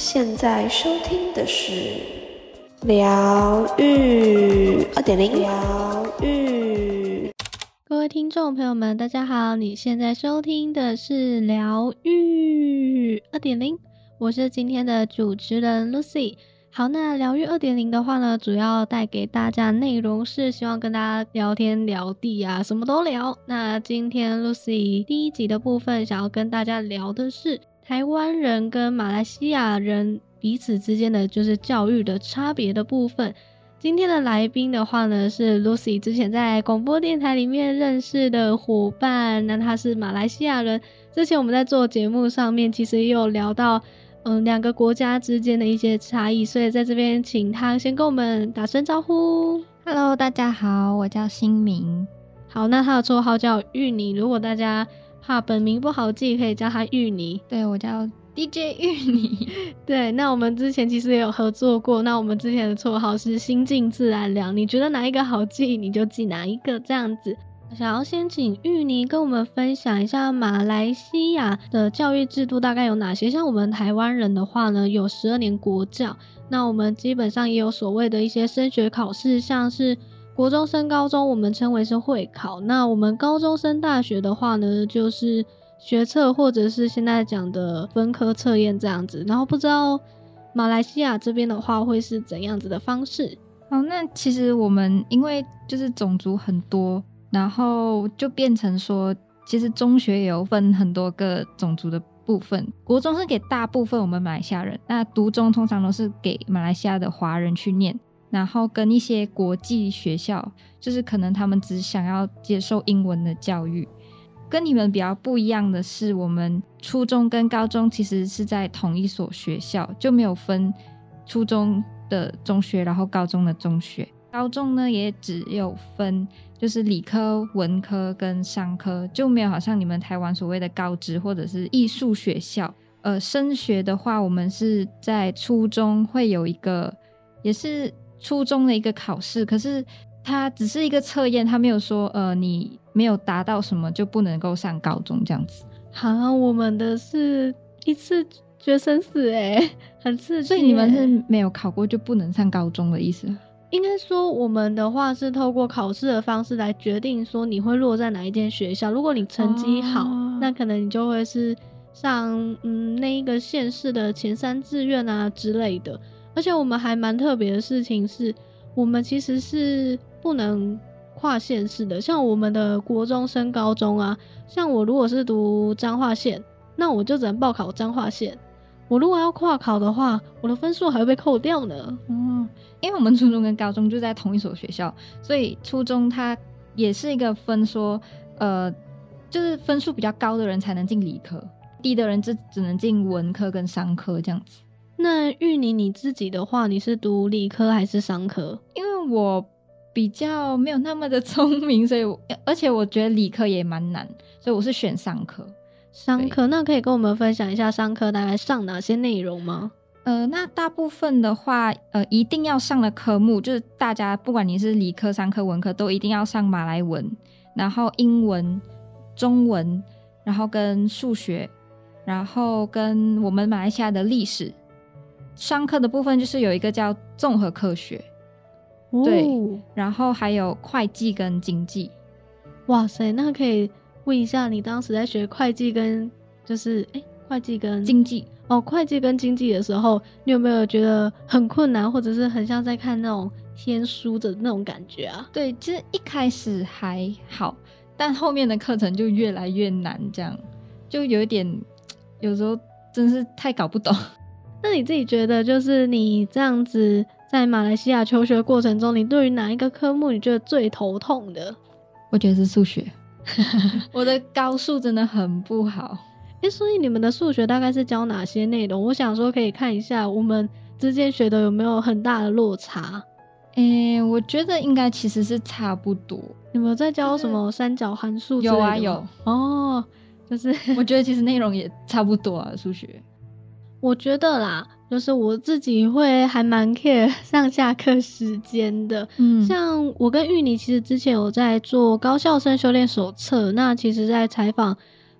現在收聽的是聊慾二點零。聊慾，各位聽眾朋友們，大家好！你現在收聽的是聊慾二點零，我是今天的主持人 Lucy。好，那聊慾二點零的話呢，主要帶給大家內容是希望跟大家聊天聊地啊，什麼都聊。那今天 Lucy 第一集的部分，想要跟大家聊的是。台灣人跟馬來西亞人彼此之間的就是教育的差別的部分。今天的來賓的話呢，是 Lucy 之前在廣播電台裡面認識的夥伴，那他是馬來西亞人。之前我們在做節目上面其實也有聊到，嗯，兩個國家之間的一些差異，所以在這邊請他先跟我們打聲招呼。Hello，大家好，我叫新明。好，那他的綽號叫芋泥。如果大家本名不好記，可以叫他芋泥。對，我叫 DJ 芋泥。 對，那我們之前其實也有合作過。那我們之前的綽號是“心靜自然涼”。你覺得哪一個好記，你就記哪一個。這樣子，想要先請芋泥跟我們分享一下馬來西亞的教育制度大概有哪些。像我們台灣人的話呢，有十二年國教。那我們基本上也有所謂的一些升學考試，像是。國中升高中，我們稱為是會考。那我們高中升大學的話呢，就是學測或者是現在講的分科測驗這樣子。然後不知道馬來西亞這邊的話會是怎樣子的方式？好，那其實我們因為就是種族很多，然後就變成說，其實中學也有分很多個種族的部分。國中是給大部分我們馬來西亞人，那獨中通常都是給馬來西亞的華人去念。然後跟一些國際學校，就是可能他們只想要接受英文的教育。跟你們比較不一樣的是，我們初中跟高中其實是在同一所學校，就沒有分初中的中學，然後高中的中學。高中呢，也只有分就是理科、文科跟商科，就沒有好像你們台灣所謂的高職或者是藝術學校。呃，升學的話，我們是在初中會有一個，也是。初中的一個考試，可是他只是一個測驗，他沒有說，呃，你沒有達到什麼就不能夠上高中這樣子。好，啊，我們的是一次決生死，欸，哎，很刺激欸。所以你們是沒有考過就不能上高中的意思？應該說我們的話是透過考試的方式來決定說你會落在哪一間學校。如果你成績好，啊，那可能你就會是上嗯，那一個縣市的前三志願啊之類的。而且我們還蠻特別的事情是，我們其實是不能跨縣市的。像我們的國中升高中啊，像我如果是讀彰化縣，那我就只能報考彰化縣。我如果要跨考的話，我的分數還會被扣掉呢。嗯，因為我們初中跟高中就在同一所學校，所以初中它也是一個分說，呃，就是分數比較高的人才能進理科，低的人只只能進文科跟商科這樣子。那芋泥你自己的話，你是讀理科還是商科？因為我比較沒有那麼的聰明，所以我，而且我覺得理科也蠻難，所以我是選商科。商科，那可以跟我們分享一下商科大概上哪些內容嗎？呃，那大部分的話，呃，一定要上的科目就是大家不管你是理科、商科、文科，都一定要上馬來文，然後英文、中文，然後跟數學，然後跟我們馬來西亞的歷史。上課的部分就是有一個叫綜合科學，哦，對，然後還有會計跟經濟。哇塞，那可以問一下，你當時在學會計跟就是哎、欸、會計跟、哦、跟經濟哦、會計跟經濟的時候，你有沒有覺得很困難，或者是很像在看那種天書的那種感覺啊？對，其實一開始還好，但後面的課程就越來越難，這樣就有一點，有時候真是太搞不懂。那你自己覺得，就是你這樣子在馬來西亞求學過程中，你對於哪一個科目你覺得最頭痛的？我覺得是數學， 我的高數真的很不好。誒、 欸，所以你們的數學大概是教哪些內容？我想說可以看一下我們之間學的有沒有很大的落差。誒、欸，我覺得應該其實是差不多。你們在教什麼三角函數？就是、有啊有，有哦，就是 我覺得其實內容也差不多啊，數學。我覺得啦，就是我自己會還蠻 care 上下課時間的。嗯。像我跟芋泥其實之前有在做高校生修煉手冊，那其實在採訪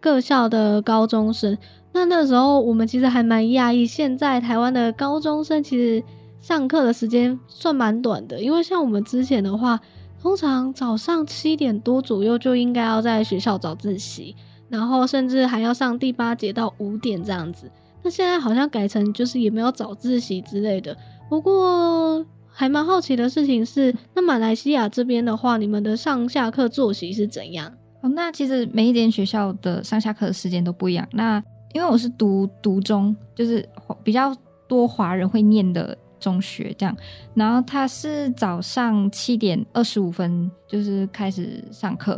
各校的高中生，那那時候我們其實還蠻訝異，現在台灣的高中生其實上課的時間算蠻短的，因為像我們之前的話，通常早上七點多左右就應該要在學校早自習，然後甚至還要上第八節到五點這樣子。那現在好像改成就是也沒有早自習之類的。不過還蠻好奇的事情是，那馬來西亞這邊的話，你們的上下課作息是怎樣？哦，那其實每一間學校的上下課的時間都不一樣。那因為我是讀獨中，就是比較多華人會念的中學這樣。然後他是早上七點二十五分就是開始上課，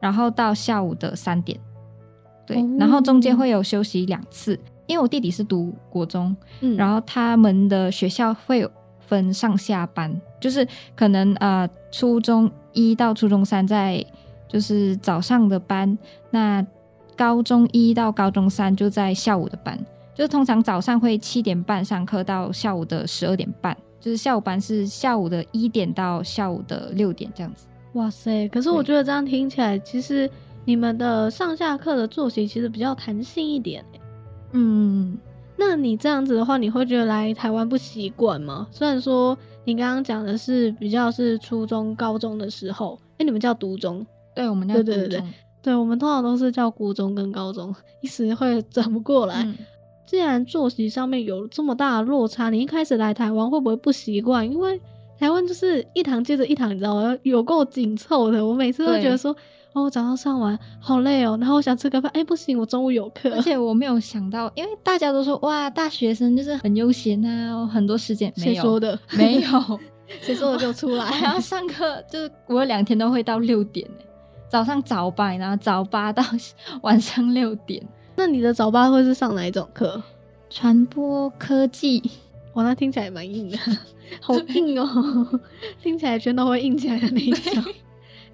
然後到下午的三點，對，哦哦，然後中間會有休息兩次。因為我弟弟是讀國中，嗯，然後他們的學校會有分上下班，就是可能呃初中，一到初中三在就是早上的班，那高中一到高中三就在下午的班，就是通常早上會七點半上課到下午的十二點半，就是下午班是下午的一點到下午的六點這樣子。哇塞！可是我覺得這樣聽起來，其實你們的上下課的作息其實比較彈性一點。嗯，那你這樣子的話，你會覺得來台灣不習慣嗎？雖然說你剛剛講的是比較是初中、高中的時候，哎、欸，你們叫獨中，對我們叫中對對對對，我們通常都是叫國中跟高中，一時會轉不過來、嗯。既然作息上面有這麼大的落差，你一開始來台灣會不會不習慣？因為台灣就是一堂接着一堂，你知道嗎？有夠緊湊的。我每次都覺得說，哦、喔，早上上完好累哦、喔，然後我想吃個飯，哎、欸，不行，我中午有課。而且我沒有想到，因為大家都說哇，大學生就是很悠閒啊，很多時間沒有。誰說的？沒有，誰 說的就出來。然後上課就是我有兩天都會到六點，早上早八，然後早八到晚上六點。那你的早八會是上哪一種課？傳播科技。哇，那聽起來蠻硬的，好硬哦！聽起來全都會硬起來的那一種。誒、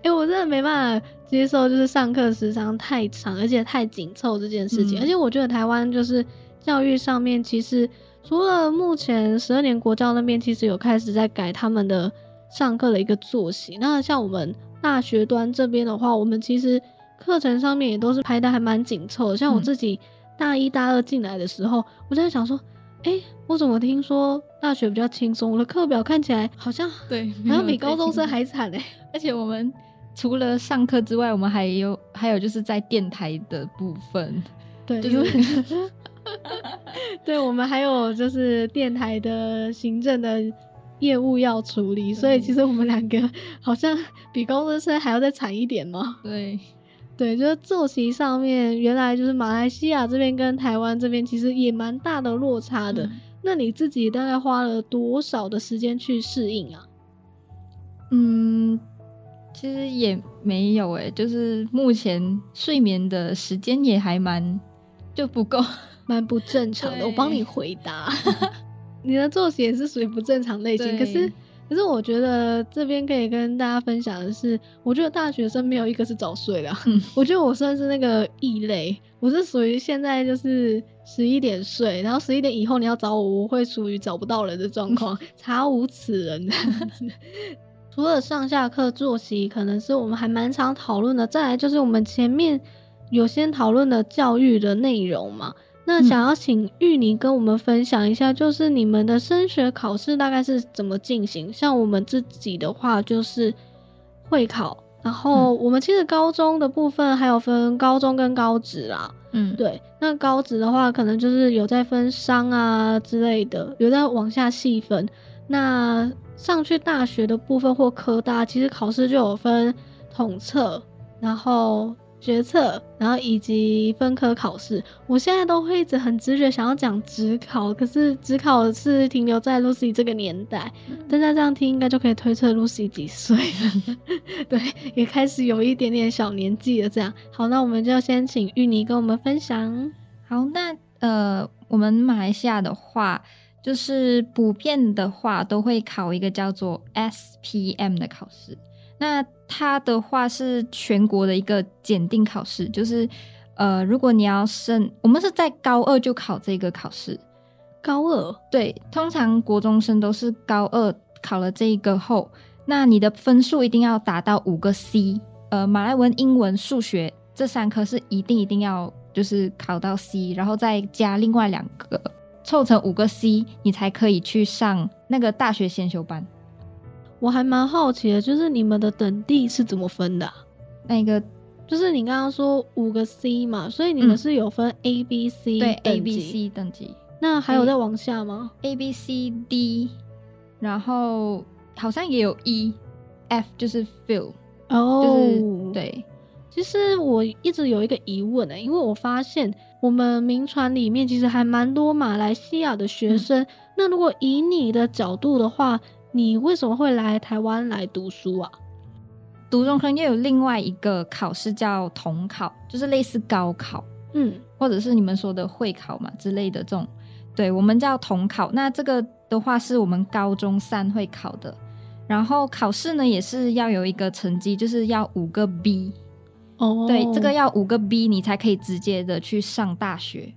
欸，我真的沒辦法接受，就是上課時長太長，而且太緊湊這件事情、嗯。而且我覺得台灣就是教育上面，其實除了目前十二年國教那邊，其實有開始在改他們的上課的一個作息。那像我們大學端這邊的話，我們其實課程上面也都是排得還蠻緊湊的。像我自己大一大二進來的時候、嗯，我在想說。哎、欸，我怎麼聽說大學比較輕鬆？我的課表看起來好像還要還、欸、對，好像比高中生還慘哎。而且我們除了上課之外，我們還有還有就是在電台的部分，對，就是， 對，我們還有就是電台的行政的業務要處理，所以其實我們兩個好像比高中生還要再慘一點嘛。對。對，就是作息上面，原來就是馬來西亞這邊跟台灣這邊其實也蠻大的落差的。嗯、那你自己大概花了多少的時間去適應啊？嗯，其實也沒有誒。就是目前睡眠的時間也還蠻就不夠，蠻不正常的。我幫你回答， 你的作息也是屬於不正常的類型，可是。可是我覺得這邊可以跟大家分享的是，我覺得大學生沒有一個是早睡的，嗯。我覺得我算是那個異類，我是屬於現在就是十一點睡，然後十一點以後你要找我，我會屬於找不到人的狀況，查、嗯、無此人。 除了上下課作息，可能是我們還蠻常討論的。再來就是我們前面有先討論的教育的內容嘛。那想要請芋泥跟我們分享一下，就是你們的升學考試大概是怎麼進行？像我們自己的話，就是會考，然後我們其實高中的部分還有分高中跟高職啦。嗯，對，那高職的話，可能就是有在分商啊之類的，有在往下細分。那上去大學的部分或科大，其實考試就有分統測，然後。決策，然後以及分科考試，我現在都會一直很直覺想要講指考，可是指考是停留在 Lucy 這個年代，大家這樣聽應該就可以推測 Lucy 幾歲了， 對，也開始有一點點小年紀了。這樣，好，那我們就要先請芋泥跟我們分享。好，那呃，我們馬來西亞的話，就是普遍的話都會考一個叫做 SPM 的考試。那它的話是全國的一個檢定考試，就是呃，如果你要升，我們是在高二就考這個考試。高二？對，通常國中生都是高二考了這一個後，那你的分數一定要達到五個 C。呃，馬來文、英文、數學這三科是一定一定要就是考到 C，然後再加另外兩個湊成五個 C，你才可以去上那個大學先修班。我還蠻好奇的，就是你們的等第是怎麼分的？啊？那個就是你剛剛說五個 C 嘛，所以你們是有分 A、嗯、A、B、C 對 A、B、C 等級，那還有再往下嗎？嗯、A、B、C、D，然後好像也有 E F 就是 fill 哦，oh, 就是，對。其實我一直有一個疑問呢，欸，因為我發現我們銘傳裡面其實還蠻多馬來西亞的學生。嗯。那如果以你的角度的話，你為什麼會來台灣來讀書啊？獨中又有另外一個考試叫統考，就是類似高考，嗯，或者是你們說的會考嘛之類的這種，對，我們叫統考。那這個的話是我們高中三會考的，然後考試呢也是要有一個成績，就是要五個 B 哦，對，這個要五個 B 你才可以直接的去上大學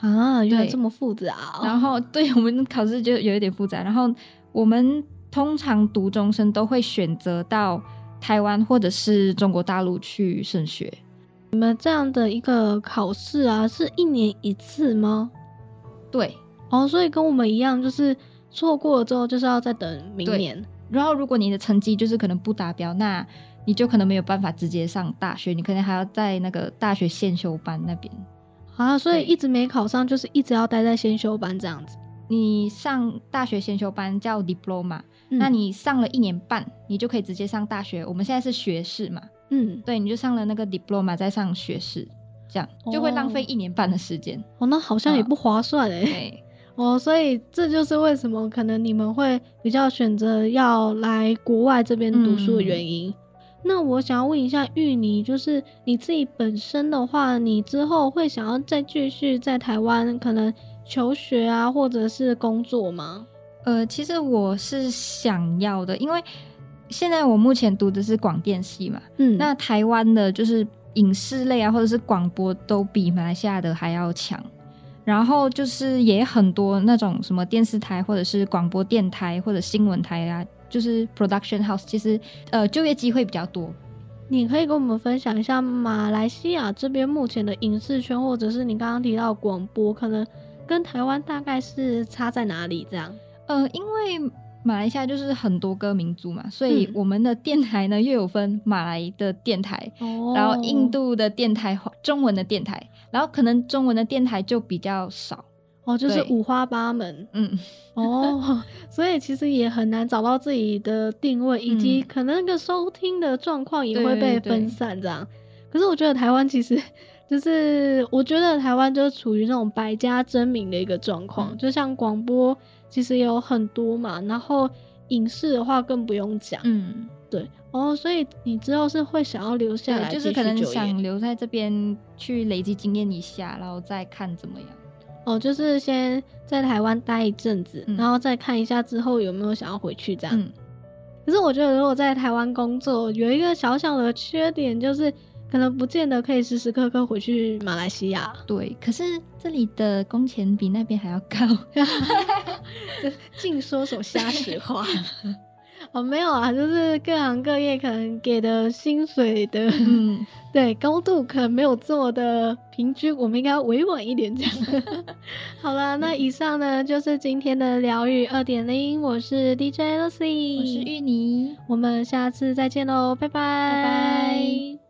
啊，原來這麼複雜。然後對我們考試就有一點複雜，然後。我們通常讀中生都會選擇到台灣或者是中國大陸去升學。你們這樣的一個考試啊，是一年一次嗎？對，哦，所以跟我們一樣，就是錯過了之後就是要再等明年。然後如果你的成績就是可能不達標，那你就可能沒有辦法直接上大學，你可能還要在那個大學先修班那邊。好啊，所以一直沒考上，就是一直要待在先修班這樣子。你上大學先修班叫 diploma、嗯、那你上了一年半，你就可以直接上大學。我們現在是學士嘛，嗯，對，你就上了那個 diploma，再上學士，這樣、哦、就會浪費一年半的時間。哦，那好像也不划算哎、哦欸。哦，所以這就是為什麼可能你們會比較選擇要來國外這邊讀書的原因、嗯。那我想要問一下芋泥，就是你自己本身的話，你之後會想要再繼續在台灣可能？求學啊，或者是工作嗎？呃，其實我是想要的，因為現在我目前讀的是廣電系嘛，嗯，那台灣的就是影視類啊，或者是廣播都比馬來西亞的還要強，然後就是也很多那種什麼電視台，或者是廣播電台或者新聞台啊，就是 production house，其實呃就業機會比較多。你可以跟我們分享一下馬來西亞這邊目前的影視圈，或者是你剛剛提到廣播可能。跟台灣大概是差在哪裡？這樣，嗯、呃，因為馬來西亞就是很多個民族嘛，所以我們的電台呢又、嗯、有分馬來的電台，哦，然後印度的電台，中文的電台，然後可能中文的電台就比較少，哦，就是五花八門，嗯，哦，所以其實也很難找到自己的定位，嗯、以及可能那個收聽的狀況也會被分散這樣。對對對，可是我覺得台灣其實。就是我覺得台灣就是處於那種百家爭鳴的一個狀況，嗯，就像廣播其實有很多嘛，然後影視的話更不用講。嗯，對哦，所以你之後是會想要留下來，就是可能想留在這邊去累積經驗一下，然後再看怎麼樣。哦，就是先在台灣待一陣子，然後再看一下之後有沒有想要回去這樣。嗯，可是我覺得如果在台灣工作有一個小小的缺點就是。可能不見得可以時時刻刻回去馬來西亞。對，可是這裡的工錢比那邊還要高。淨 對 說什麼瞎實話？ 哦，沒有啊，就是各行各業可能給的薪水的，嗯、對高度可能沒有做的平均，我們應該要委婉一點這樣 好了，那以上呢就是今天的聊慾二點零，我是 DJ Lucy，我是芋泥，我們下次再見嘍，拜拜。拜拜。